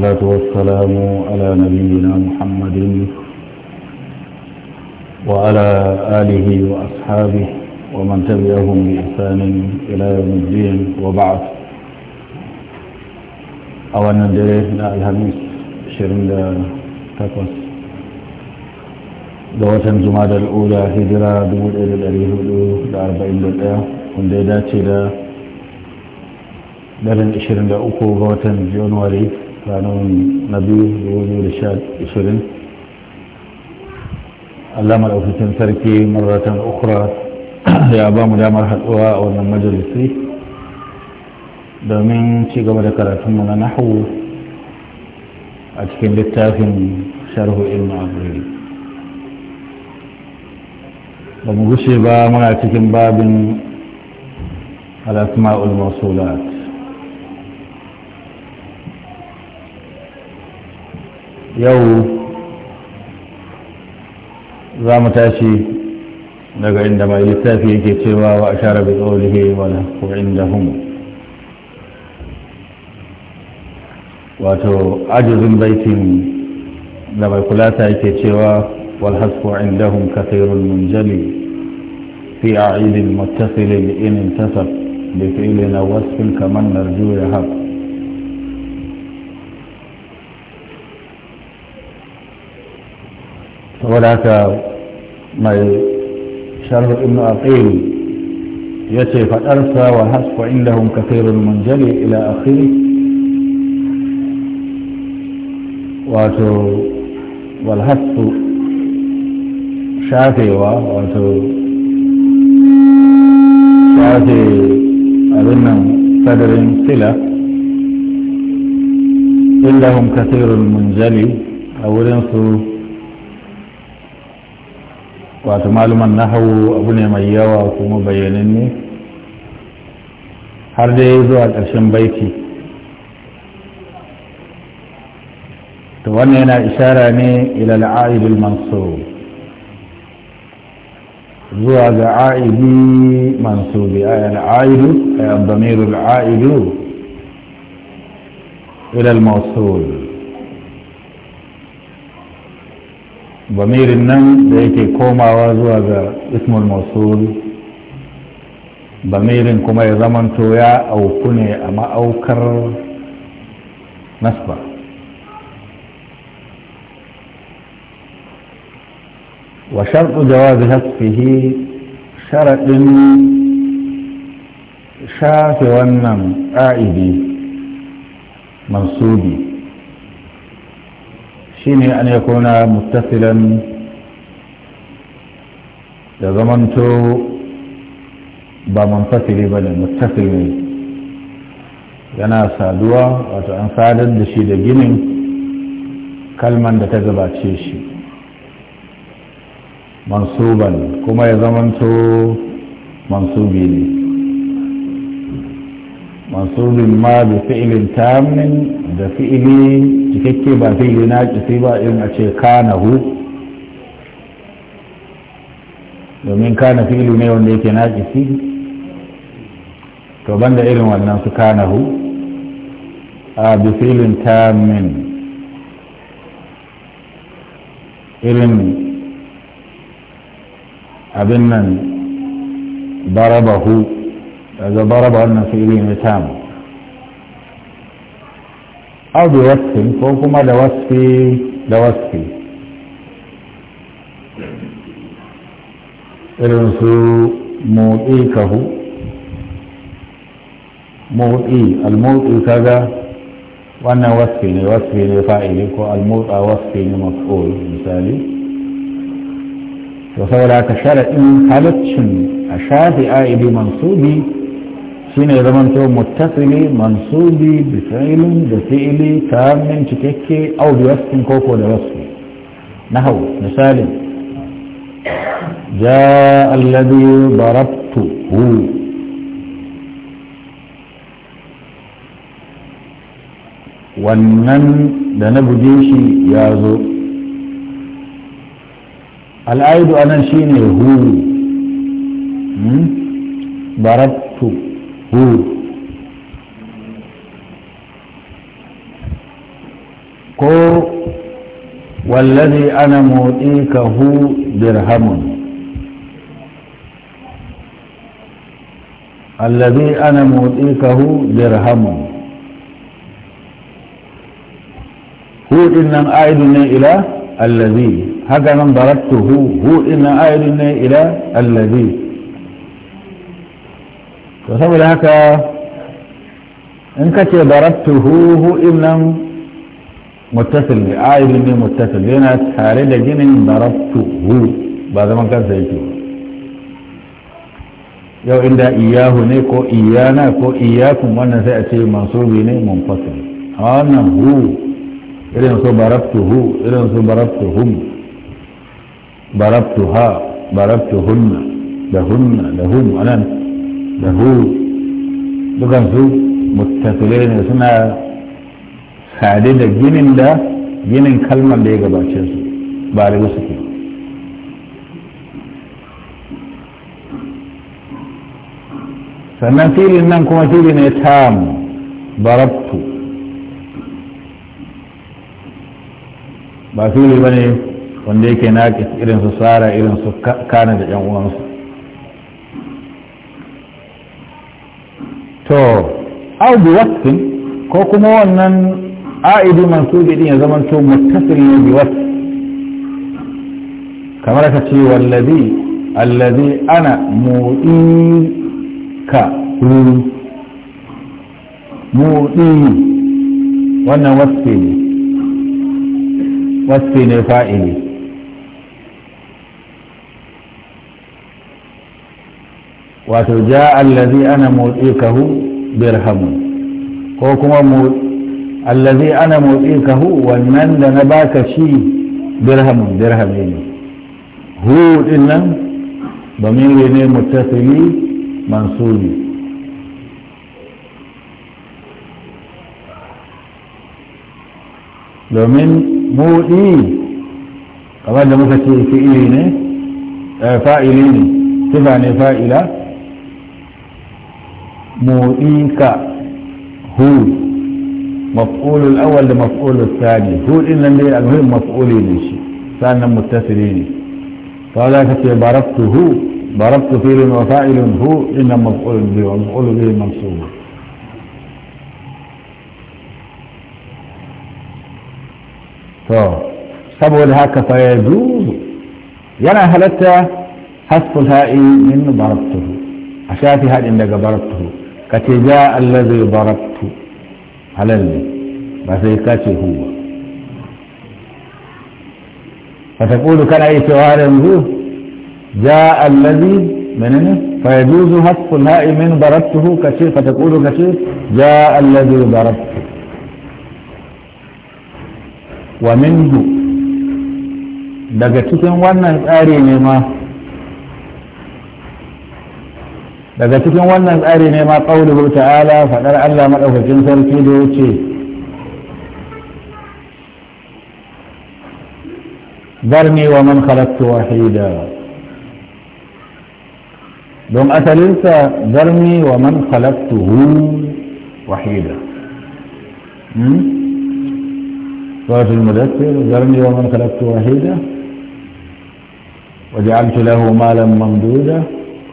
والصلاة والسلام على نبينا محمد وعلى آله وأصحابه ومن تبعهم بإحسان إلى يوم الدين وبعد أولا درينا الهميس شرين تقوس دوة جماد الأولى هجرة دول إلى الأريه لأربعين للأه وندي داتي da daren 23 ga ranar na biyu da sha ishirin alamar ofishin sarki maratan ukra ya ba mu damar haɗuwa a wannan majalisi domin ci gaba da karatunmu na nahu a cikin littafin sharhu ilmu abril ba mu gushe ba muna cikin babin al'asma'ul masulat yau za mu tashi daga inda mai lissafi yake cewa wa a share bi tsolihe wala ko inda humu wato ajizin baitin da mai kulata yake cewa والحذف عندهم كثير منجلي في أعيد متصل إن انتصب بفعلنا وصف كمن نرجو يهب هناك ما شرف ابن أقيل يتي ارسى وهسف عندهم كثير منجلي إلى اخره واتو والهسف شافي واتو شافي أظن قدر سلة إلا كثير كثير او أولنسو wato maluman nahawu abu ne mai yawa kuma bayanin ne har dai zuwa ƙarshen baiti to wannan yana ishara ne ila al'aidul mansur zuwa ga aidi mansubi ay al'aidu ay ad-damir al'aidu ila al-mawsul ضميرٍ نن ده كوما وازوا ذا اسم الموصول ضميرٍ كما يزمن تويا أو كني أما أوكر نسبة وشرط جواز هسفه شرط شاف ونم عائدي منصوبي ne an yakuna muttasilan da zamanto ba manfasili ba ne muttasil yana saduwa wato an sadar da shi da ginin kalman da ta gabace shi mansuban kuma ya zamanto mansubi ne mansubin ma bi fi'ilin tamin da fi'ili cikakke ba fi'ili na kisi ba in a ce kana hu domin kana fi'ili ne wanda yake na kisi to banda irin wannan su kana hu a bi fi'ilin tamin irin abin nan baraba hu daga baraba wannan fi'ili ne tamin aw bi wasfin ko kuma da wasfi da wasfi irin su motsi kahu motsi almotsi kaga wannan wasfi ne wasfi ne fa'ili ko almotsa wasfi ne maf'ul misali to saboda ka in halaccin a shafi a'idi mansubi شين زمان تو متصلي منصوبي بفعل بفعلي كام من تككي او بوصف كوكو لوصف نحو مثال جاء الذي ضربته ونن دنبو جيشي يازو الايد انا شيني هو ضربته ko wallazi ana hu dirhamun الذي أنا مؤتيكه درهم هو إن أعدني إلى الذي هكذا ضربته هو إن أعدني إلى الذي to saboda haka in ka ce barattuhu hu nan muttasil ne ayyudin ne muttasil yana tare da ginin hu ba zaman kansa yake yau inda iyahu ne ko iyana ko iyakun wannan sai a ce mansubi ne munfasil amma wannan hu irin su hu irin su ha barabtuha barabtuhunna da hunna da hum anan da dukansu mutasile suna sade da ginin da ginin kalmar da ya gabace su ba da suke sannan filin nan kuma fili ne tam barabtu ba fili ba ne wanda yake na irin su tsara irin su kana da 'yan uwansu to au bi wasfin ko kuma wannan a'idu mansubi din ya zamanto muttasili ne bi wasf kamar ka ce wallazi allazi ana mu'ika muɗi wannan wasfi ne wasfi ne fa'ili wato ja allazi ana motsi kahu birhamun ko kuma allazi ana motsi kahu wannan da na baka shi birhamun birhame ne hu din nan bamiri ne mutasili mansubi domin muɗi kamar da muka ce fi'ili ne eh, fa'ili ne sifa ne fa'ila موئيك هو مفعول الاول لمفعول الثاني هو ان المهم مفعولي ليش فانا متصلين فلا كتب باركت هو باركت فيل وفاعل هو ان مفعول به ومفعول به منصوب طب طيب. هاك يجوز ينا هلتا حسب الهائي من باركته اشافي هاد إنك باركته ka ce ja Allah allazi baraktu halal ne ba sai ka ce hu ba fa taqulu kana yi cewa yanzu ja allazi menene fa yajuzu hasfu al-ha'i min baraktuhu ka ce fa taqulu ka ce ja allazi baraktu wa minhu daga cikin wannan tsari ne ma daga cikin wannan tsari ne ma ƙaunuhu ta'ala faɗar Allah maɗaukakin sarki da ya ce zarni wa man khalaqtu wahida don asalinsa zarni wa man khalaqtuhu wahida سورة المدثر ذرني ومن خلقت وحيدا وجعلت له مالا ممدودا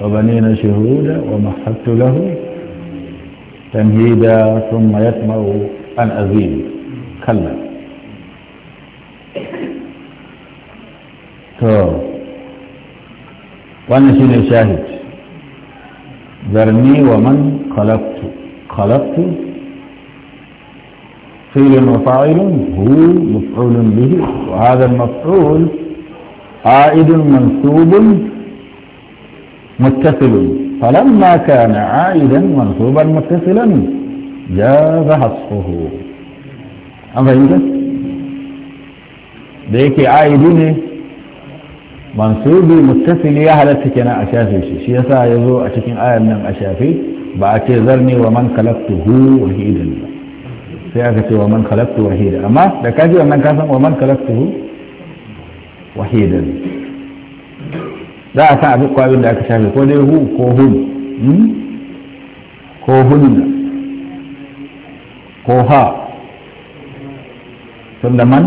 وبنين شهودا ومهدت له تمهيدا ثم يطمع أن أزيد كلا وانا شنو شاهد ذرني ومن خلقت خلقت فعل وفاعل هو مفعول به وهذا المفعول عائد منصوب متصل فلما كان عائدا منصوبا متصلا جاز حصفه an fahimta da yake aidi ne mansubi muttasili ya halatta kenan a shafe shi shi yasa ya zo a cikin ayan nan a shafe ba a ce zarni wa man hu wahidan ba sai aka ce wa man kalaktu wahidan amma da kaji wannan kasan wa man kalaktuhu wahidan za a sa abin kwayoyin da aka shafe ko dai hu ko hun hmm? ko hunna ko ha da man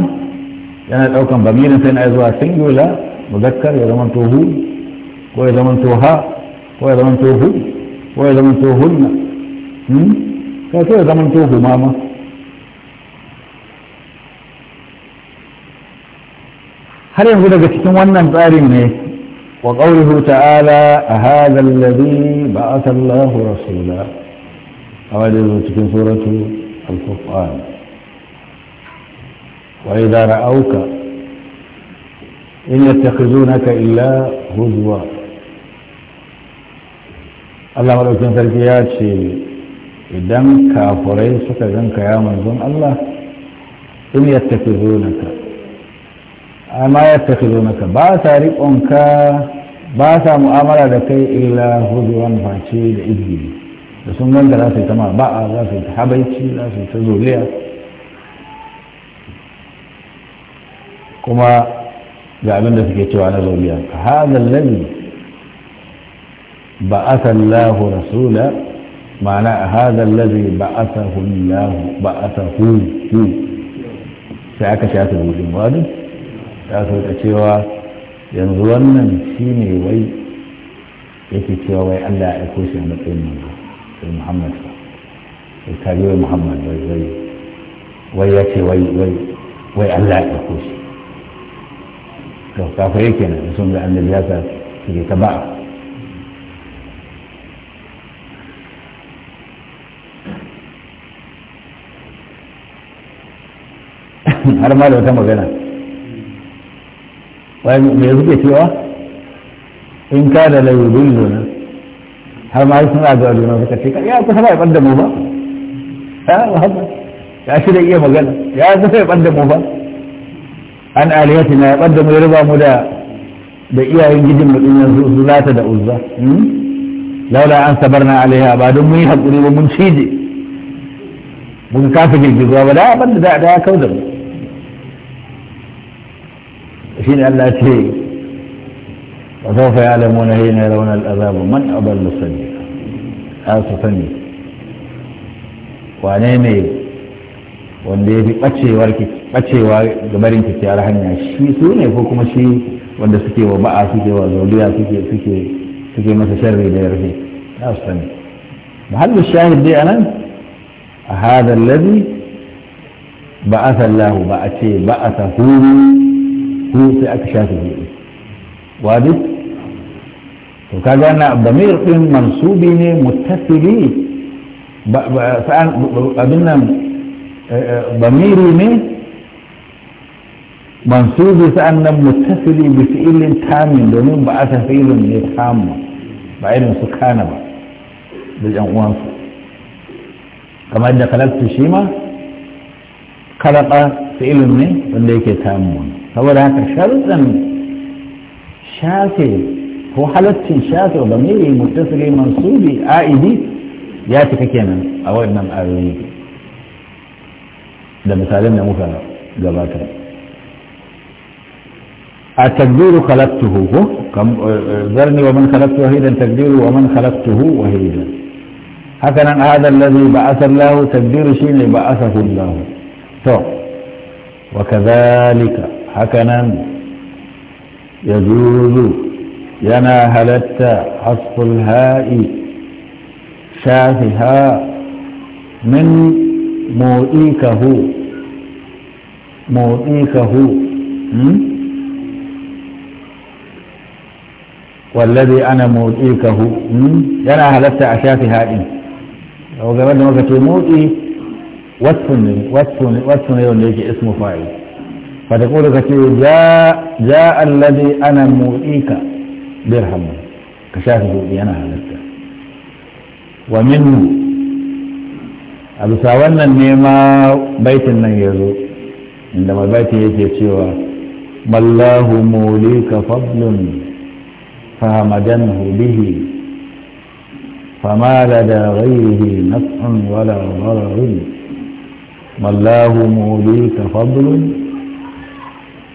yana daukan bamirin sai na zuwa singular muzakkar ya zama to hu ko ya zama to ha ko ya zama to hu ko ya zama to hunna hmm? kai ko ya zama to hu ma har yanzu daga cikin wannan tsarin ne وقوله تعالى هذا الذي بعث الله رسولا أولئك تكون سورة القرآن وإذا رأوك إن يتخذونك إلا هزوا الله ولو كنت تركياتي إدم كافرين سكا جنك يا منظوم الله إن يتخذونك amma ya tafi naka ba sa riƙonka ba sa mu'amala da kai illa wani face da izini da sun ganga za su yi ba ba'a za su yi ta habaici za su yi ta zoliya kuma ga abin da suke cewa na zoliya ka haɗa lalli ba sallahu rasula ma'ana haɗa lalli ba asahu lahu ba asahu hu sai aka shafi wujin wadu ya sauka cewa yanzu wannan shi ne wai yake cewa wai allah ya aiko shi a matsayin manzo sai muhammad ba sai kaji wai muhammad wai wai wai ya ce wai wai wai allah ya aiko shi to kafa yake nan sun ga annabi ya sa suke ta ba'a har ma da wata magana Waye me suke cewa in ka da lauyudun lona har ma suna ga lona suka ce ka ya kusa ba ya ɓadda mu ba ya muhammad ya shi da iya magana ya kusa ya ɓadda mu ba an aliyati na ya ɓadda mu ya riba mu da da iyayen gijin mu ɗin yanzu su lata da uzza hmm? laula an sabarna alaiha ba don mun yi hakuri mun cije mun kafa girgizuwa ba da ya ɓadda da ya kau da mu shine Allah ya ce wa sawfa ya'lamuna hina yarawna al'azab man adallu sani a su sani wane ne wanda ya fi bacewa gabarin kyakkyawar hanya shi su ne ko kuma shi wanda suke wa ba'a suke wa zoliya suke masa sharri da yarfe a su sani shahid محل الشاهد دي أنا هذا الذي بعث الله بأتي sahuru. في أكشافه واضح وكذا أنا ضمير إن منصوبين متصلين فأنا أبنا ضميري منصوب فأنا متصل بفعل تام دون بعث فعل يتام بعيد سكان بالأنوان كما إذا خلقت شيما خلق فعل من ذلك تامون فولا تشلزم شافي هو حالت شافي وضميري متصلي منصوبي عائدي ياتي كينا او ابن ارويد ده مسالمنا موكا جباتر التقدير خلقته هو كم ذرني ومن خلقته وحيدا تقدير ومن خلقته وحيدا هكذا هذا الذي بعث الله تقدير شيء بعثه الله تو وكذلك حكنا يجوز ينا هلت حصف الهاء شافها من موئيكه موئيكه والذي انا موئيكه ينا هلت اشافها ان وقبل ما كتب موئي واتفن واتفن واتفن يوم اسمه فاعل فتقول كثير جاء جاء الذي أنا مؤيك درهم كشافه إيه، أنا هلتا ومنه أبو النيما نيما بيت النيرو عندما بيت يجي سوى ما الله موليك فضل فهمدنه به فما لدى غيره نفع ولا ضرر ما الله موليك فضل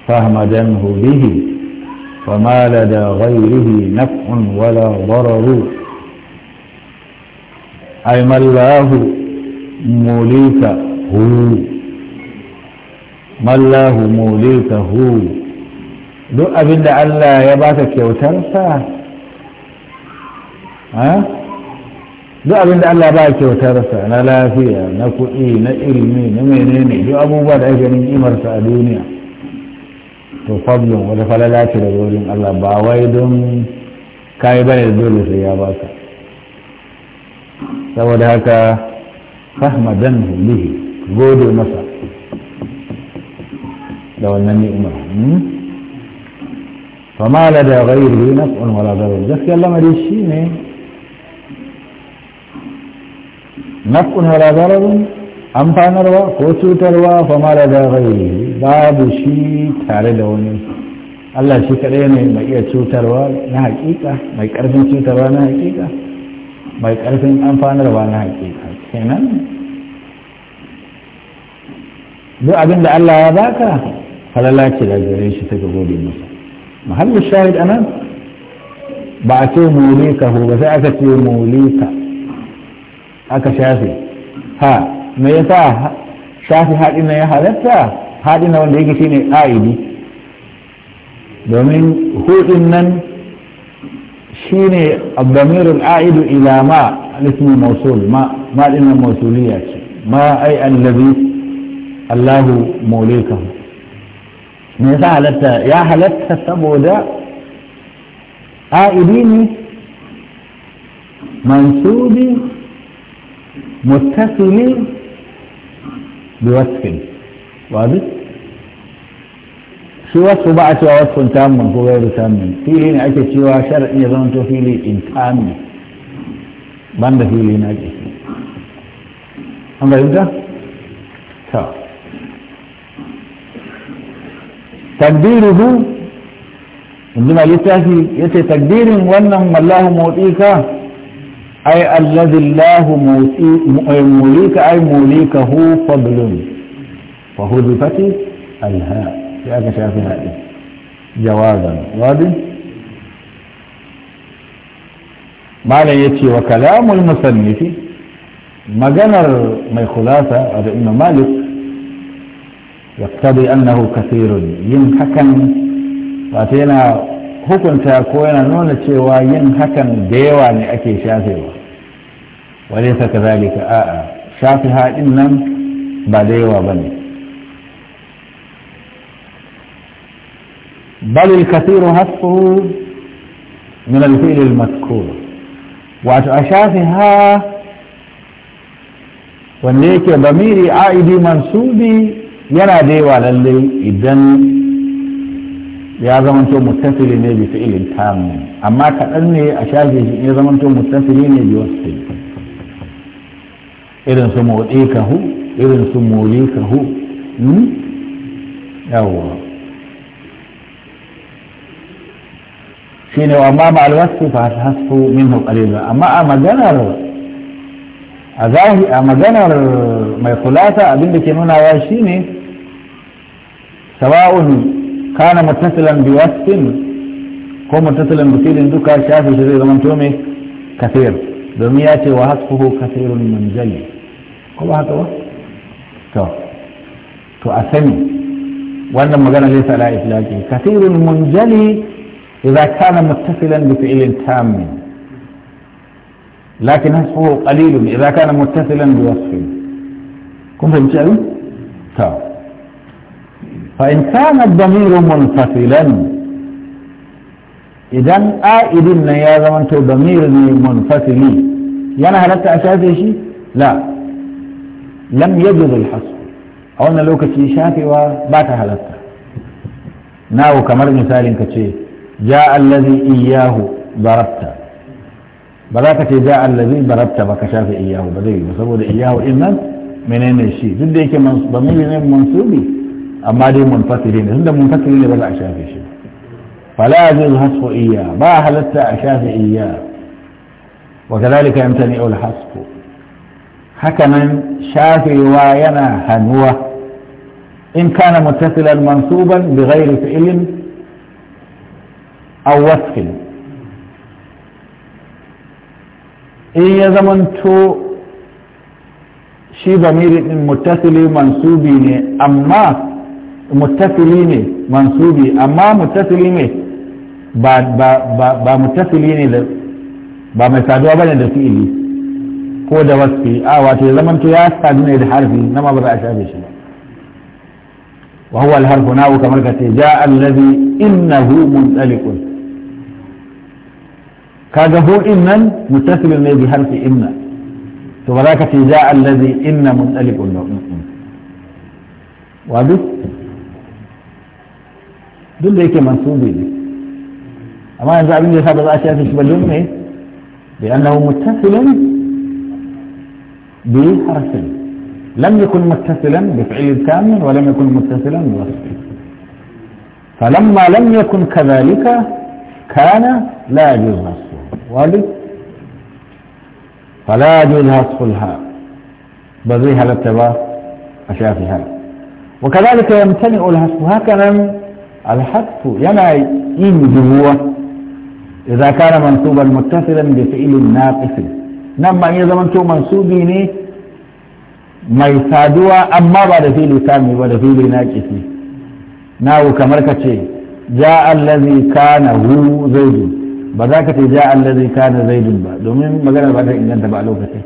فهم دمه به فما لدى غيره نفع ولا ضرر أي ما الله موليكه ما الله موليكه دو أبن دع الله يباتك يو يوترسا دو أبن دع الله يباتك يوترسا نلافيا نكوئي نئلمي نمينيني دو أبو بعد أجنين إمرسا دونيا to fablin wata falala ce daga wurin Allah ba wai don kayi bane dole sai ya baka saboda haka fahmadan lihi gode masa da wannan ni'ima fama la da ghairi naf'un wala darar gaskiya lamari shine naf'un wala darar amfanarwa ko cutarwa fama la da ghairi babu shi tare da wani Allah shi kaɗai ne mai iya cutarwa na hakika mai ƙarfin cutarwa na hakika mai ƙarfin amfanarwa na hakika kenan duk abin da Allah ya baka falala ce da gare shi ta gode masa mahallin shahid anan ba a ce mulika ba sai aka ce mulika aka shafe ha me yasa shafi haɗi na ya halatta haɗin na wanda yake ne ƙa'idi domin hudin nan shine abdamirul a'idu ila ma ismi mausul ma ma mausuliya ce ma ai allabi allahu maulikan me sa halatta ya halatta saboda a'idi ne mansubi muttasili biwasfin واضح سوى سبعة وصف تاما وغير تاما فيه هنا أكي سوى شرع نظام تفيلي إنتام بند فيه هنا أكي هم بيبدأ؟ سوى تقديره عندما يتأتي يتأتي تقدير وانما الله موتيك أي الذي الله موتيك أي موليك أي موليكه فضل فهذفت الهاء في أجل شافها إيه جوازا وادي ما لا يتي وكلام المصنف ما جنر ما خلاصة هذا إنه مالك يقتضي أنه كثير ين حكم فأتينا حكم تاكوين نون تشيوا حكم ديوان لاكي شافوا وليس كذلك آآ شافها إنم بديوا بني بل الكثير هفه من الفئل المذكور واتأشافها وانليك بميري عائدي منصوبي ينادي وعلي إذن يا زمان تو متفلين بفئل تام أما كأني أشافي يا زمان تو متفلين بوصفه إذن سمو إيكه إذن سمو إيكه يوه شنو أما مع الوسط فهسه منه قليلا أما أما جنر أذاه أما جنر ما يقولاته أبين لك هنا واشيني سواء كان متصلا بوسط هو متصلا بسيل دوكا شافي شريد من تومي كثير دمياتي وهسفه كثير من جل كل هذا هو تو تو أثني وأنا ما جنر ليس على إفلاكي كثير من جلي إذا كان متصلا بفعل تام لكن حسبه قليل إذا كان متصلا بوصف كم فهمت أبي؟ فإن كان الضمير منفصلا إذا آئد يا زمن ضمير منفصل يعني هل أنت أساسه شيء؟ لا لم يجد الحصر أو أن لو كتشي شافي وبات أنت ناو كمر مثال كتشي جاء الذي إياه ضربت بلاك جاء الذي ضربت بكشاف إياه بذي وسبب إياه إما من أين الشيء ضد هيك ضمير منصوبي أما دي منفصلين عند منفصلين بلا شافي شيء فلا يجوز حصف إياه ما حلت أشاف إياه وكذلك يمتنع الحصف حكما شافي وينا هنوه إن كان متصلا منصوبا بغير فعل a wasfin in ya zamanto shi bamiri din muttasili mansubi ne amma muttasili ne mansubi amma ne ba ba muttasili ne da ba mai saduwa bane da fi'ili ko da wasfi a wato ya zamanto ya sadu ne da harfi na ma ba za a shafe shi ba وهو الحرف ناو كما جاء الذي إنه منطلق هو إما متصل من يجي حرف إما تبارك في جاء الذي إما منقلب المؤمن واضح؟ دول ليك منصوب لي أما أنزع من يساعد الأشياء في شبه الجنة إيه؟ لأنه متصل بحرف لم يكن متصلا بفعل كامل ولم يكن متصلا بوصف فلما لم يكن كذلك كان لا يجوز والد فلا يجوز وصف الهاء بذيها للتبا أشافها وكذلك يمتنع الهسف هكذا الحذف ينا ينجبوه إذا كان منصوبا متصلا بفعل ناقص نما إذا منصوب منصوبين ما يسادوا أما بعد فعل كامل بعد فعل ناقص ناو كمركة جاء الذي كان هو زوجه ba za ka ce ja allazi kana zaidun ba domin magana ba ta inganta ba a lokacin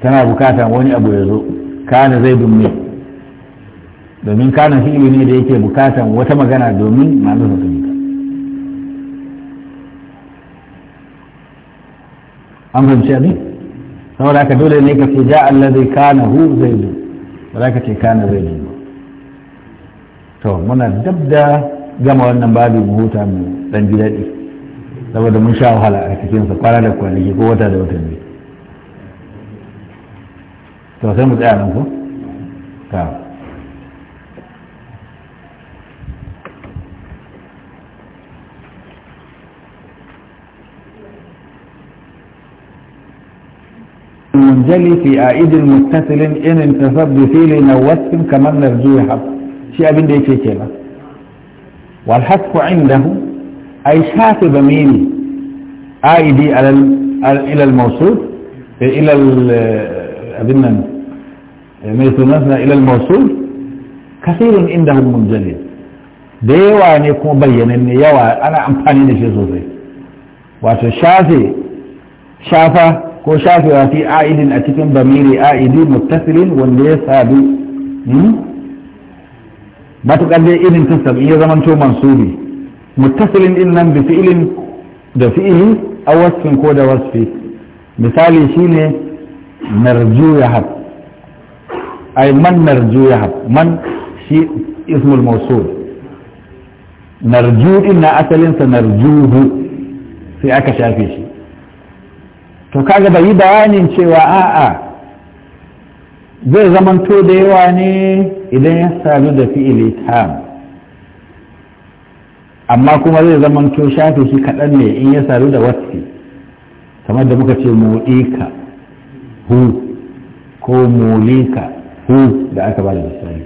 tana bukata wani abu ya zo kana zaidun ne domin kana fi'ili ne da yake bukatan wata magana domin ma'anar sa ta an fahimci abin saboda haka dole ne ka ce ja allazi kana hu zaidu ba za ka ce kana zaidu ba to muna dab da gama wannan babu huta mu dan ji daɗi saboda mun sha wahala a cikin cikinsa kwana da kwanaki ko wata da wata ne to sai mu tsaya nan ko ta منجلي في عائد متصل إن انتصب بفيل نوسم كمان نرجو حق شيء أبين دي شيء والحق عنده أي شاتب مين آي دي على ال... على... إلى الموصول إلى أبنى مثل نفسنا إلى الموصول كثير عندهم منجلد ديوا أن يكون بيّن أن يوا أنا أمتاني نشي صوفي واتو شافي شافة كو شافي وفي آئد أتكن بميري آئد متصل وليه سابي ما تقال لي إذن تسلم إيه زمن شو منصوبي muttasilin din nan bi fi'ilin da fi'ili a wasfin ko da wasfi misali shine narju yahab ay man narju yahab man shi ismul mawsul narju din na asalin sa narjuhu sai aka shafe shi to kaga bai yi bayanin cewa a'a zai zamanto da yawa ne idan ya sadu da fi'ili tam amma kuma zai to shafe shi kaɗan ne in ya saru da wasu kamar da muka ce moɗeka hu ko moleka hu da aka ba da misali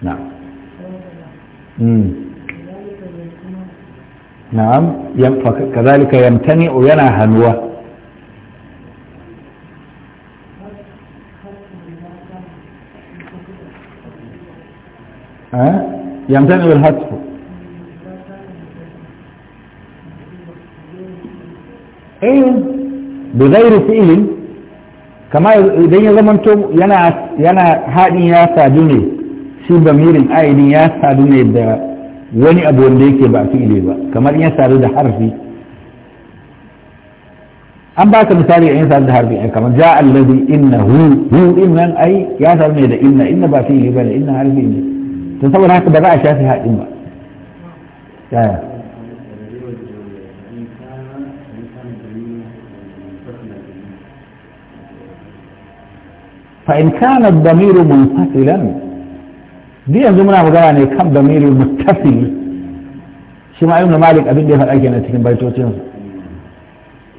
na na'am mm. kazalika yamtani'u yana hannuwa eh يمتنع الهتف ايه بغير فعل kama idan ya zamanto yana yana haɗin ya sadu ne shi bamirin ainihin ya sadu ne da wani abu wanda yake ba fi'ile ba kamar ya sadu da harfi an ba ka misali in sadu da harfi kamar ja allazi inna hu hu innan ai ya sadu ne da inna inna ba fi'ile ba ne inna harfi ne to saboda haka ba za a shafi haɗin ba yaya فإن كان الضمير منفصلا دي yanzu muna magana ne kan damiri muttasil shi ma ibnu malik abin da ya faɗa kenan cikin baitocin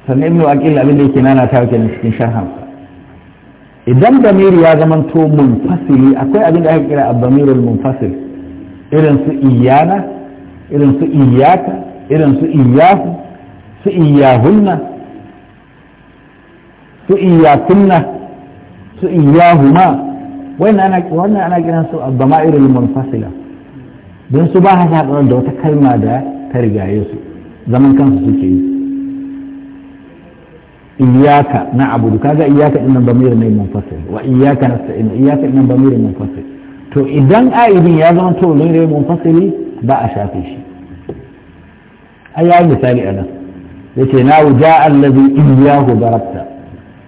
sannan ibnu aqil abin da yake nana ta kenan cikin sharhan idan damiri ya zama to munfasili akwai abin da aka kira abdamirul munfasil irin su iyana irin su iyaka irin su iyahu su iyahunna su iyakunna su iyahuma wannan ana kiran su abdamirul munfasila don su ba ha da wata kalma da ta rigaye su zaman kansu suke yi iyaka na abudu kaga iyaka din nan bamirin ne munfasil wa iyaka nasta'in iyaka din nan bamirin munfasil to idan aibin ya zama to ne munfasili ba a shafe shi ai ya misali a nan yace na wuja allazi iyahu darabta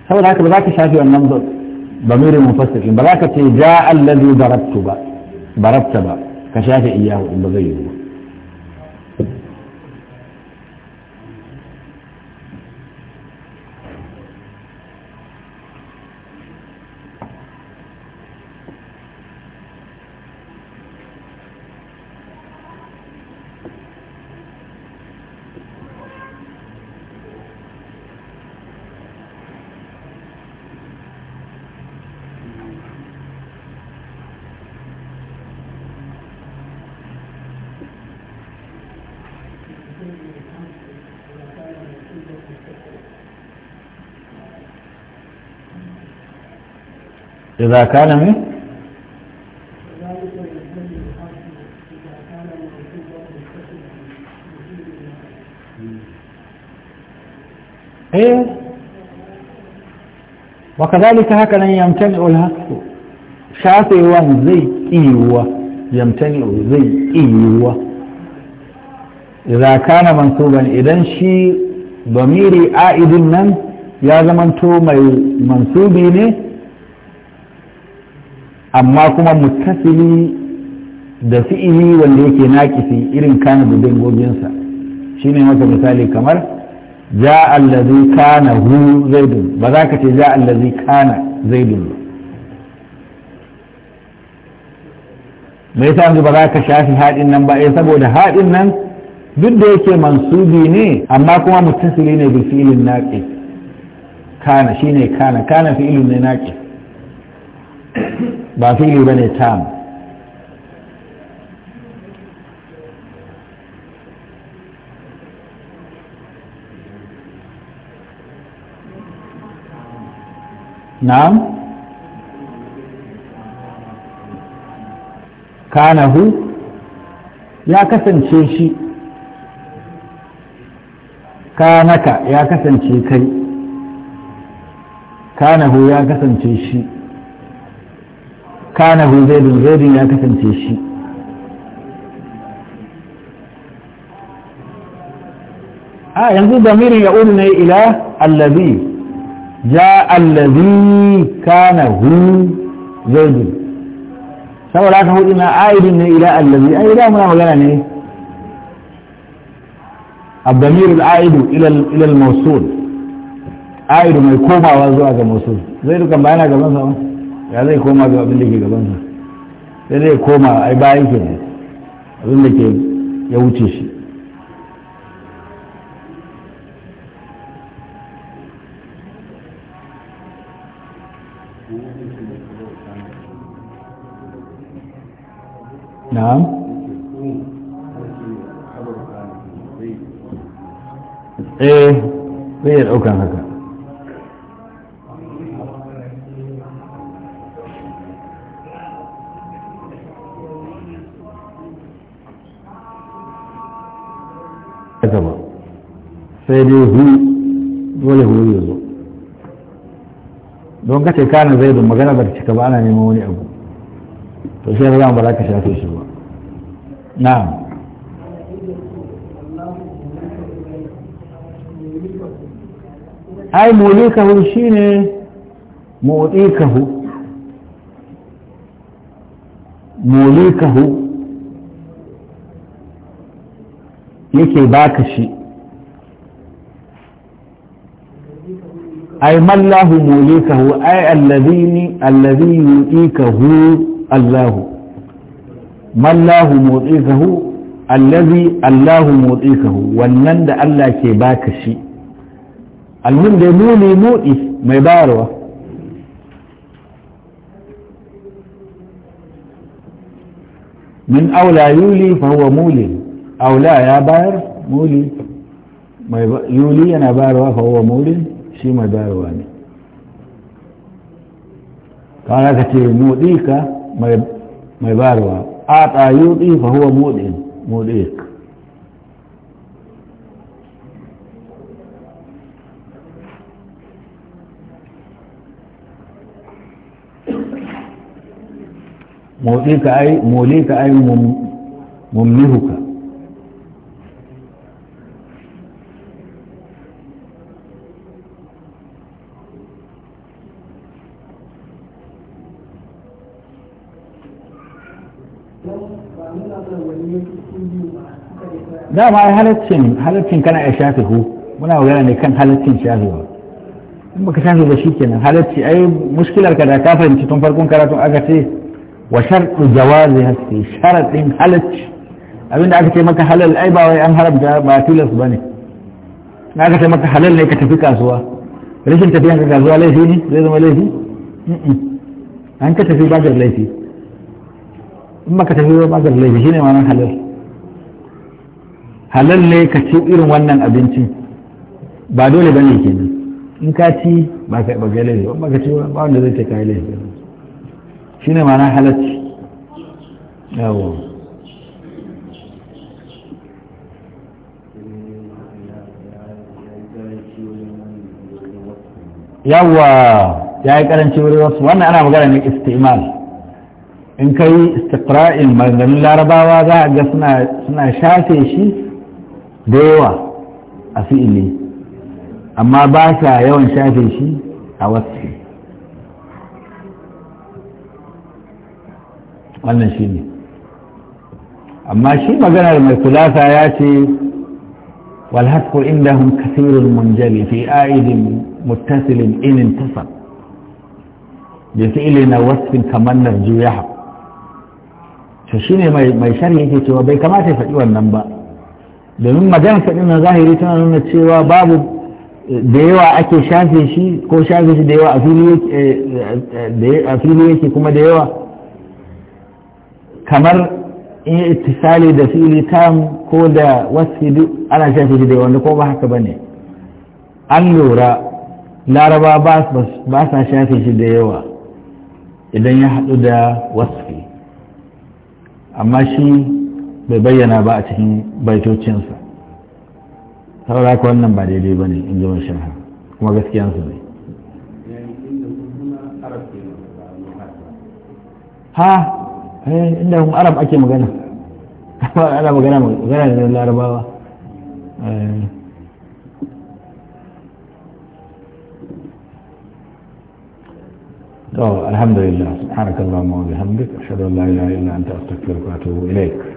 saboda haka ba za ka shafe wannan bamirin munfasil ba za ka ce ja allazi darabtu ba darabta ba ka shafe iyahu in ba zai yi ba إذا كان من إيه وكذلك هكذا يمتنع الهكس شافي وزي إيوة يمتنع زي إيوة إذا كان منصوبا إذا شي ضميري عائد من يا زمنتو منصوبي نه amma kuma mutasili da fi'ili wanda yake naƙisi irin kana da dangoginsa ne masa misali kamar ja allazi kana hu zaidun ba za ka ce ja allazi kana zaidun ba me yasa ba za ka shafi haɗin nan ba eh saboda haɗin nan duk da yake mansubi ne amma kuma mutasili ne bi fi'ilin naqis kana shi ne kana kana fi'ilin ne naƙi. ba fili ba ne tam na'am kanahu ya kasance shi kanaka ya kasance kai kanahu ya kasance shi كان في زيد الغيب يا كتم تيشي آه ينزل ضمير يقول ني إله الذي جاء الذي كان هو زيد سوى لا تقول إما آيد ني إله الذي أي إله من أولانا ني يعني؟ الضمير العائد إلى إلى الموصول عائد ما يكون مع وزوء هذا الموصول زيد كم بعينها كم بعينها ya zai koma ga abin da ke gabansa sai zai koma ai bayan ke abin da ke ya wuce shi na'am eh zai ya daukan haka haka ba sai dai hu dole hu ya zo don kace kana zai da magana ba ta cika ba ana neman wani abu to sai mu ba za ka shafe shi ba na'am ai mulikahu shine mulikahu mulikahu yake baka shi ai mallahu mulikahu ai allazini allazi yu'ikahu allahu mallahu mu'ikahu allazi allahu mu'ikahu wannan da Allah ke baka shi almun da muli mudi mai barwa min aula yuli fa huwa mulin او لا يا بار مولي ما يولي انا بار فهو مولي شي ما دار واني قال كتي موديكا ما ما بار وا اتا يودي فهو مولي موليك موليك اي موليك اي مم مم dama ya halaccin halaccin kana ya shafe ko muna magana ne kan halaccin shafewa in baka shafe ba shi kenan halacci ai muskilar ka da ka fahimci tun farkon karatun aka ce wa sharɗu jawazi haske sharaɗin halacci abinda aka ce maka halal ai ba wai an haramta ba tilas ba ne na aka ce maka halal ne ka tafi kasuwa rashin tafiyan ka kasuwa laifi ne zai zama laifi an ka tafi bakar laifi in baka tafi bakar laifi shine ma nan halal halal ne ka ci irin wannan abinci ba dole ba ne kenan in ka ci ba ka ba gale ba ka ci ba wanda zai ce ka shi ne mana halacci yawo yawa ya yi karanci wurin wasu wannan ana magana ne istimal in ka yi istiqra'in maganganun larabawa za a ga suna shafe shi da yawa a fi'ili amma ba sa yawan shafe shi a wasfi wannan shi ne amma shi maganar mai kulasa ya ce walhaskul inda hun kasirin munjali fi a'idin muttasilin inin tasa da fi ili na wasfin kamannar juya shi ne mai shari'a yake cewa bai kamata ya faɗi wannan ba domin magana ta na zahiri tana nuna cewa babu eh, da yawa ake shafe shi ko shafe shi da yawa a fili yake eh, eh, kuma da yawa kamar in yi itisali da fili tam ko da wasu duk ana shafe shi da yawa wanda ko ba haka ba ne an lura laraba ba sa shafe shi da yawa idan ya haɗu da wasfi amma shi bai bayyana ba a cikin baitocinsa saboda haka wannan ba daidai ba ne in ji mai sharha kuma gaskiyansu ne ha eh, inda kuma arab ake magana ana magana magana da larabawa الحمد لله سبحانك اللهم وبحمدك أشهد أن لا إله إلا أنت أستغفرك وأتوب إليك